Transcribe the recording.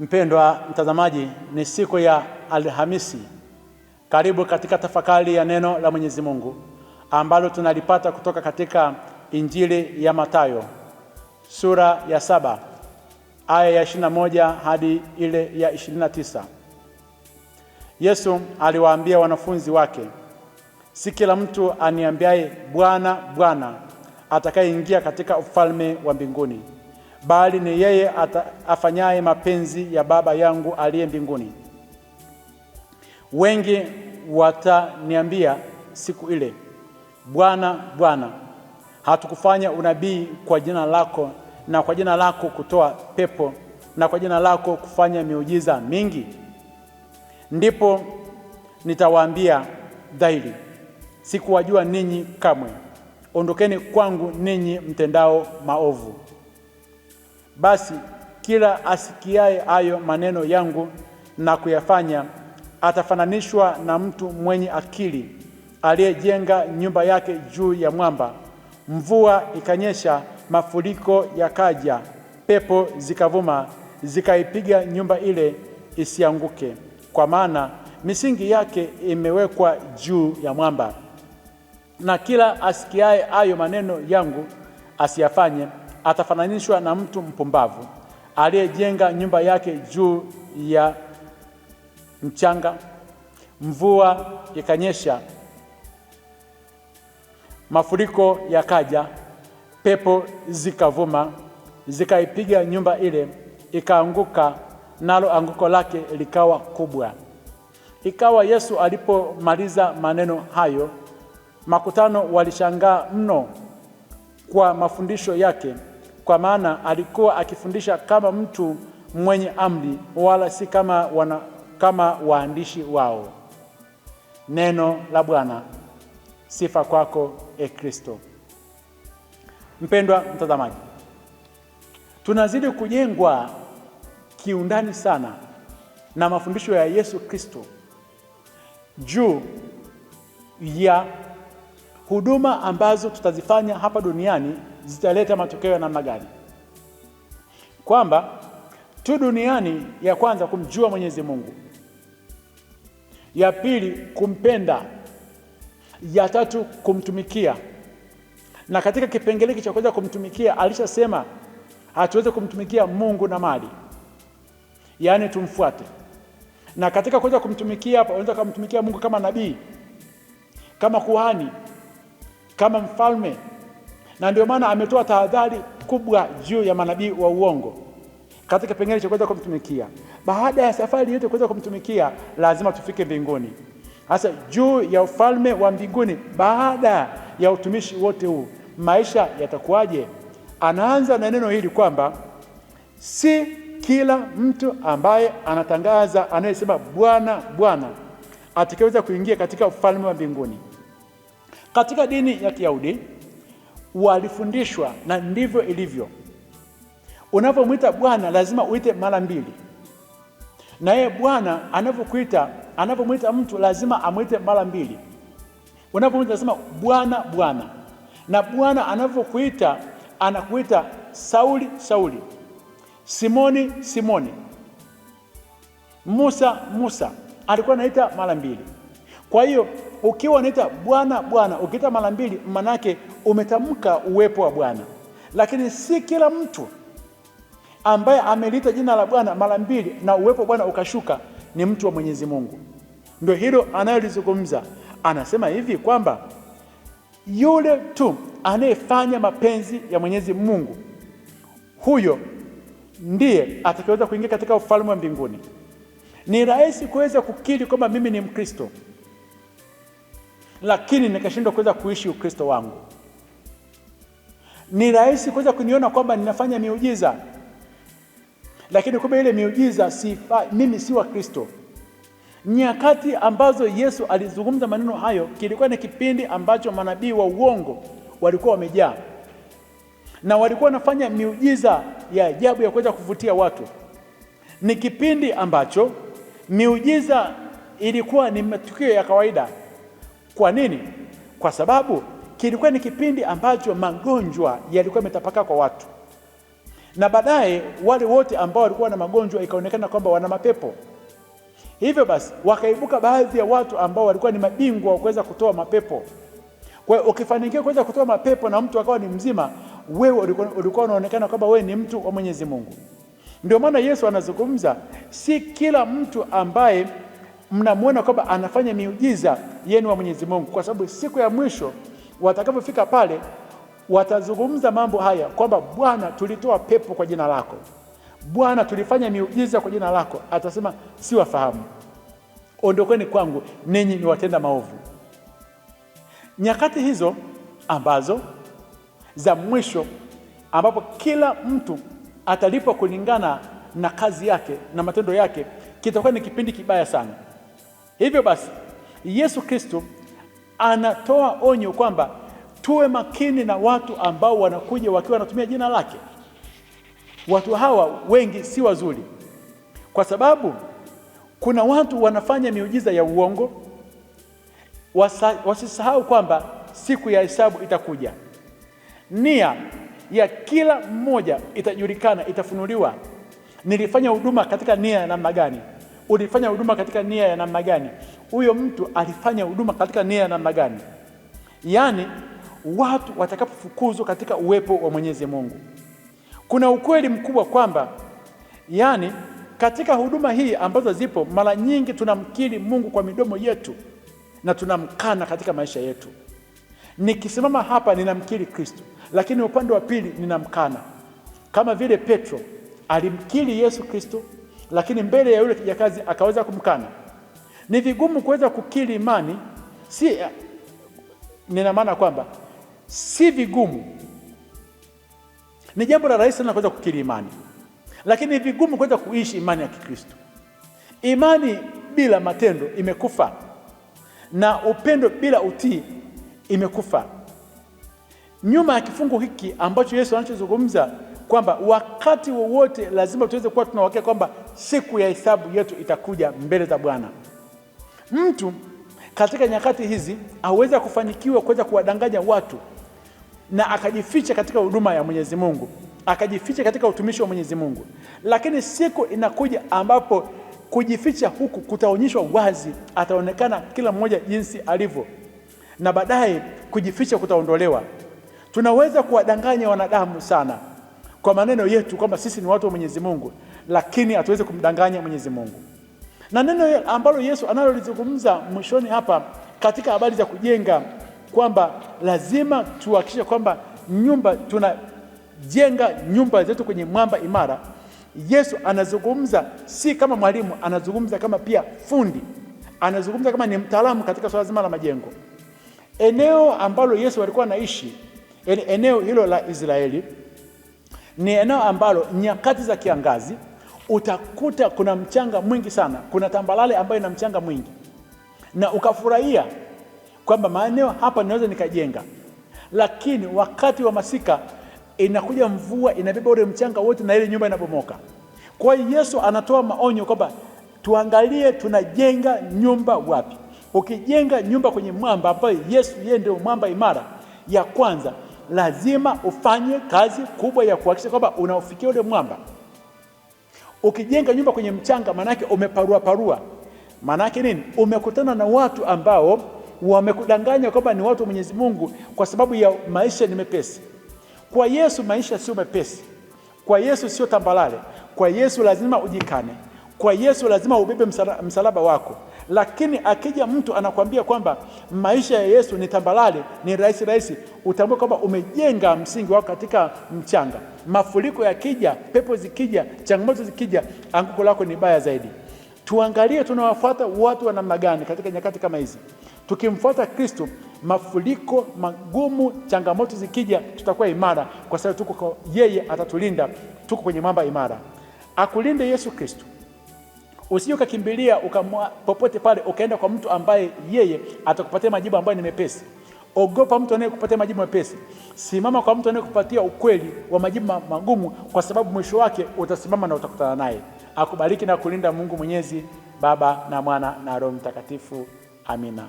Mpendwa mtazamaji, ni siku ya Alhamisi. Karibu katika tafakari ya neno la Mwenyezi Mungu ambalo tunalipata kutoka katika Injili ya Mathayo sura ya saba aya ya 21 hadi ile ya 29. Yesu aliwaambia wanafunzi wake, si kila mtu aniambiaye Bwana, Bwana atakayeingia katika ufalme wa mbinguni bali ni yeye afanyaye mapenzi ya Baba yangu aliye mbinguni. Wengi wataniambia siku ile, Bwana, Bwana, hatukufanya unabii kwa jina lako, na kwa jina lako kutoa pepo, na kwa jina lako kufanya miujiza mingi? Ndipo nitawaambia dhahiri, sikuwajua ninyi kamwe, ondokeni kwangu ninyi mtendao maovu basi kila asikiaye hayo maneno yangu na kuyafanya atafananishwa na mtu mwenye akili aliyejenga nyumba yake juu ya mwamba. Mvua ikanyesha, mafuriko yakaja, pepo zikavuma, zikaipiga nyumba ile isianguke, kwa maana misingi yake imewekwa juu ya mwamba. Na kila asikiaye hayo maneno yangu asiyafanye atafananishwa na mtu mpumbavu aliyejenga nyumba yake juu ya mchanga, mvua ikanyesha, mafuriko yakaja, pepo zikavuma, zikaipiga nyumba ile, ikaanguka, nalo anguko lake likawa kubwa. Ikawa Yesu alipomaliza maneno hayo, makutano walishangaa mno kwa mafundisho yake kwa maana alikuwa akifundisha kama mtu mwenye amri, wala si kama, wana, kama waandishi wao. Neno la Bwana. Sifa kwako e Kristo. Mpendwa mtazamaji, tunazidi kujengwa kiundani sana na mafundisho ya Yesu Kristo juu ya huduma ambazo tutazifanya hapa duniani zitaleta matokeo ya namna gani? Kwamba tu duniani, ya kwanza kumjua Mwenyezi Mungu, ya pili kumpenda, ya tatu kumtumikia. Na katika kipengele hiki cha kuweza kumtumikia alishasema hatuweze kumtumikia Mungu na mali, yaani tumfuate. Na katika kuweza kumtumikia hapa, unaweza kumtumikia Mungu kama nabii, kama kuhani, kama mfalme na ndio maana ametoa tahadhari kubwa juu ya manabii wa uongo katika kipengele cha kuweza kumtumikia. Baada ya safari yote kuweza kumtumikia, lazima tufike mbinguni, hasa juu ya ufalme wa mbinguni. Baada ya utumishi wote huu, maisha yatakuwaje? Anaanza na neno hili kwamba si kila mtu ambaye anatangaza, anayesema Bwana Bwana, atakayeweza kuingia katika ufalme wa mbinguni. Katika dini ya Kiyahudi walifundishwa na ndivyo ilivyo. Unapomwita Bwana lazima uite mara mbili, na yeye Bwana anavyokuita anapomwita mtu lazima amwite mara mbili. Unapomwita lazima Bwana, Bwana, na Bwana anavyokuita anakuita Sauli, Sauli, Simoni, Simoni, Musa, Musa. Alikuwa anaita mara mbili. Kwa hiyo ukiwa unaita Bwana Bwana, ukiita mara mbili, manake umetamka uwepo wa Bwana. Lakini si kila mtu ambaye ameliita jina la Bwana mara mbili na uwepo wa Bwana ukashuka ni mtu wa Mwenyezi Mungu. Ndio hilo anayolizungumza, anasema hivi kwamba yule tu anayefanya mapenzi ya Mwenyezi Mungu huyo ndiye atakayeweza kuingia katika ufalme wa mbinguni. Ni rahisi kuweza kukiri kwamba mimi ni Mkristo lakini nikashindwa kuweza kuishi Ukristo wangu. Ni rahisi kuweza kuniona kwamba ninafanya miujiza, lakini kumbe ile miujiza si mimi, si wa Kristo. Nyakati ambazo Yesu alizungumza maneno hayo, kilikuwa ni kipindi ambacho manabii wa uongo walikuwa wamejaa na walikuwa wanafanya miujiza ya ajabu ya kuweza kuvutia watu. Ni kipindi ambacho miujiza ilikuwa ni matukio ya kawaida. Kwa nini? Kwa sababu kilikuwa ni kipindi ambacho magonjwa yalikuwa yametapakaa kwa watu, na baadaye wale wote ambao walikuwa na magonjwa ikaonekana kwamba wana mapepo. Hivyo basi wakaibuka baadhi ya watu ambao walikuwa ni mabingwa wa kuweza kutoa mapepo. Kwa hiyo ukifanikiwa kuweza kutoa mapepo na mtu akawa ni mzima, wewe ulikuwa unaonekana kwamba wewe ni mtu wa Mwenyezi Mungu. Ndio maana Yesu anazungumza, si kila mtu ambaye mnamwona kwamba anafanya miujiza yenu wa Mwenyezi Mungu, kwa sababu siku ya mwisho watakapofika pale watazungumza mambo haya kwamba Bwana, tulitoa pepo kwa jina lako, Bwana, tulifanya miujiza kwa jina lako. Atasema siwafahamu, ondokeni kwangu, ninyi ni watenda maovu. Nyakati hizo ambazo za mwisho ambapo kila mtu atalipwa kulingana na kazi yake na matendo yake, kitakuwa ni kipindi kibaya sana. Hivyo basi Yesu Kristo anatoa onyo kwamba tuwe makini na watu ambao wanakuja wakiwa wanatumia jina lake. Watu hawa wengi si wazuri, kwa sababu kuna watu wanafanya miujiza ya uongo. Wasa, wasisahau kwamba siku ya hesabu itakuja. Nia ya kila mmoja itajulikana, itafunuliwa. Nilifanya huduma katika nia ya namna gani? ulifanya huduma katika nia ya namna gani? Huyo mtu alifanya huduma katika nia ya namna gani? Yaani watu watakapofukuzwa katika uwepo wa Mwenyezi Mungu, kuna ukweli mkubwa kwamba yaani katika huduma hii ambazo zipo, mara nyingi tunamkiri Mungu kwa midomo yetu na tunamkana katika maisha yetu. Nikisimama hapa ninamkiri Kristo, lakini upande wa pili ninamkana, kama vile Petro alimkiri Yesu Kristo lakini mbele ya yule kijakazi akaweza kumkana. Ni vigumu kuweza kukiri imani, si eh, nina maana kwamba si vigumu, ni jambo la rahisi sana kuweza kukiri imani, lakini ni vigumu kuweza kuishi imani ya Kikristo. Imani bila matendo imekufa, na upendo bila utii imekufa. Nyuma ya kifungu hiki ambacho Yesu anachozungumza kwamba wakati wowote lazima tuweze kuwa tunawakea kwamba siku ya hisabu yetu itakuja mbele za Bwana. Mtu katika nyakati hizi aweza kufanikiwa kuweza kuwadanganya watu na akajificha katika huduma ya Mwenyezi Mungu, akajificha katika utumishi wa Mwenyezi Mungu, lakini siku inakuja ambapo kujificha huku kutaonyeshwa wazi, ataonekana kila mmoja jinsi alivyo, na baadaye kujificha kutaondolewa. Tunaweza kuwadanganya wanadamu sana kwa maneno yetu kwamba sisi ni watu wa Mwenyezi Mungu, lakini hatuwezi kumdanganya Mwenyezi Mungu. Na neno ambalo Yesu analolizungumza mwishoni hapa katika habari za kujenga, kwamba lazima tuhakikishe kwamba nyumba tunajenga nyumba zetu kwenye mwamba imara. Yesu anazungumza si kama mwalimu, anazungumza kama pia fundi, anazungumza kama ni mtaalamu katika swala zima la majengo. Eneo ambalo Yesu alikuwa anaishi, eneo hilo la Israeli ni eneo ambalo nyakati za kiangazi utakuta kuna mchanga mwingi sana, kuna tambalale ambayo ina mchanga mwingi, na ukafurahia kwamba maeneo hapa ninaweza nikajenga, lakini wakati wa masika inakuja mvua inabeba ule mchanga wote na ile nyumba inabomoka. Kwa hiyo Yesu anatoa maonyo kwamba tuangalie tunajenga nyumba wapi. Ukijenga nyumba kwenye mwamba ambayo Yesu yeye ndio mwamba imara ya kwanza, lazima ufanye kazi kubwa ya kuhakikisha kwamba unaofikia ule mwamba. Ukijenga nyumba kwenye mchanga, maanake umeparua parua. Maanake nini? Umekutana na watu ambao wamekudanganya kwamba ni watu wa Mwenyezi Mungu kwa sababu ya maisha ni mepesi. Kwa Yesu maisha sio mepesi, kwa Yesu sio tambalale, kwa Yesu lazima ujikane, kwa Yesu lazima ubebe msalaba wako. Lakini akija mtu anakuambia kwamba maisha ya Yesu ni tambalale, ni rahisi rahisi, utambue kwamba umejenga msingi wako katika mchanga. Mafuriko yakija, pepo zikija, changamoto zikija, anguko lako ni baya zaidi. Tuangalie tunawafuata watu wa namna gani katika nyakati kama hizi. Tukimfuata Kristo, mafuriko magumu, changamoto zikija, tutakuwa imara, kwa sababu tuko yeye, atatulinda. Tuko kwenye mwamba imara. Akulinde Yesu Kristo usije ukakimbilia ukamwa popote pale ukaenda kwa mtu ambaye yeye atakupatia majibu ambayo ni mepesi. Ogopa mtu anayekupatia majibu mepesi, simama kwa mtu anayekupatia ukweli wa majibu magumu, kwa sababu mwisho wake utasimama na utakutana naye. Akubariki na kulinda Mungu Mwenyezi, Baba na Mwana na Roho Mtakatifu. Amina.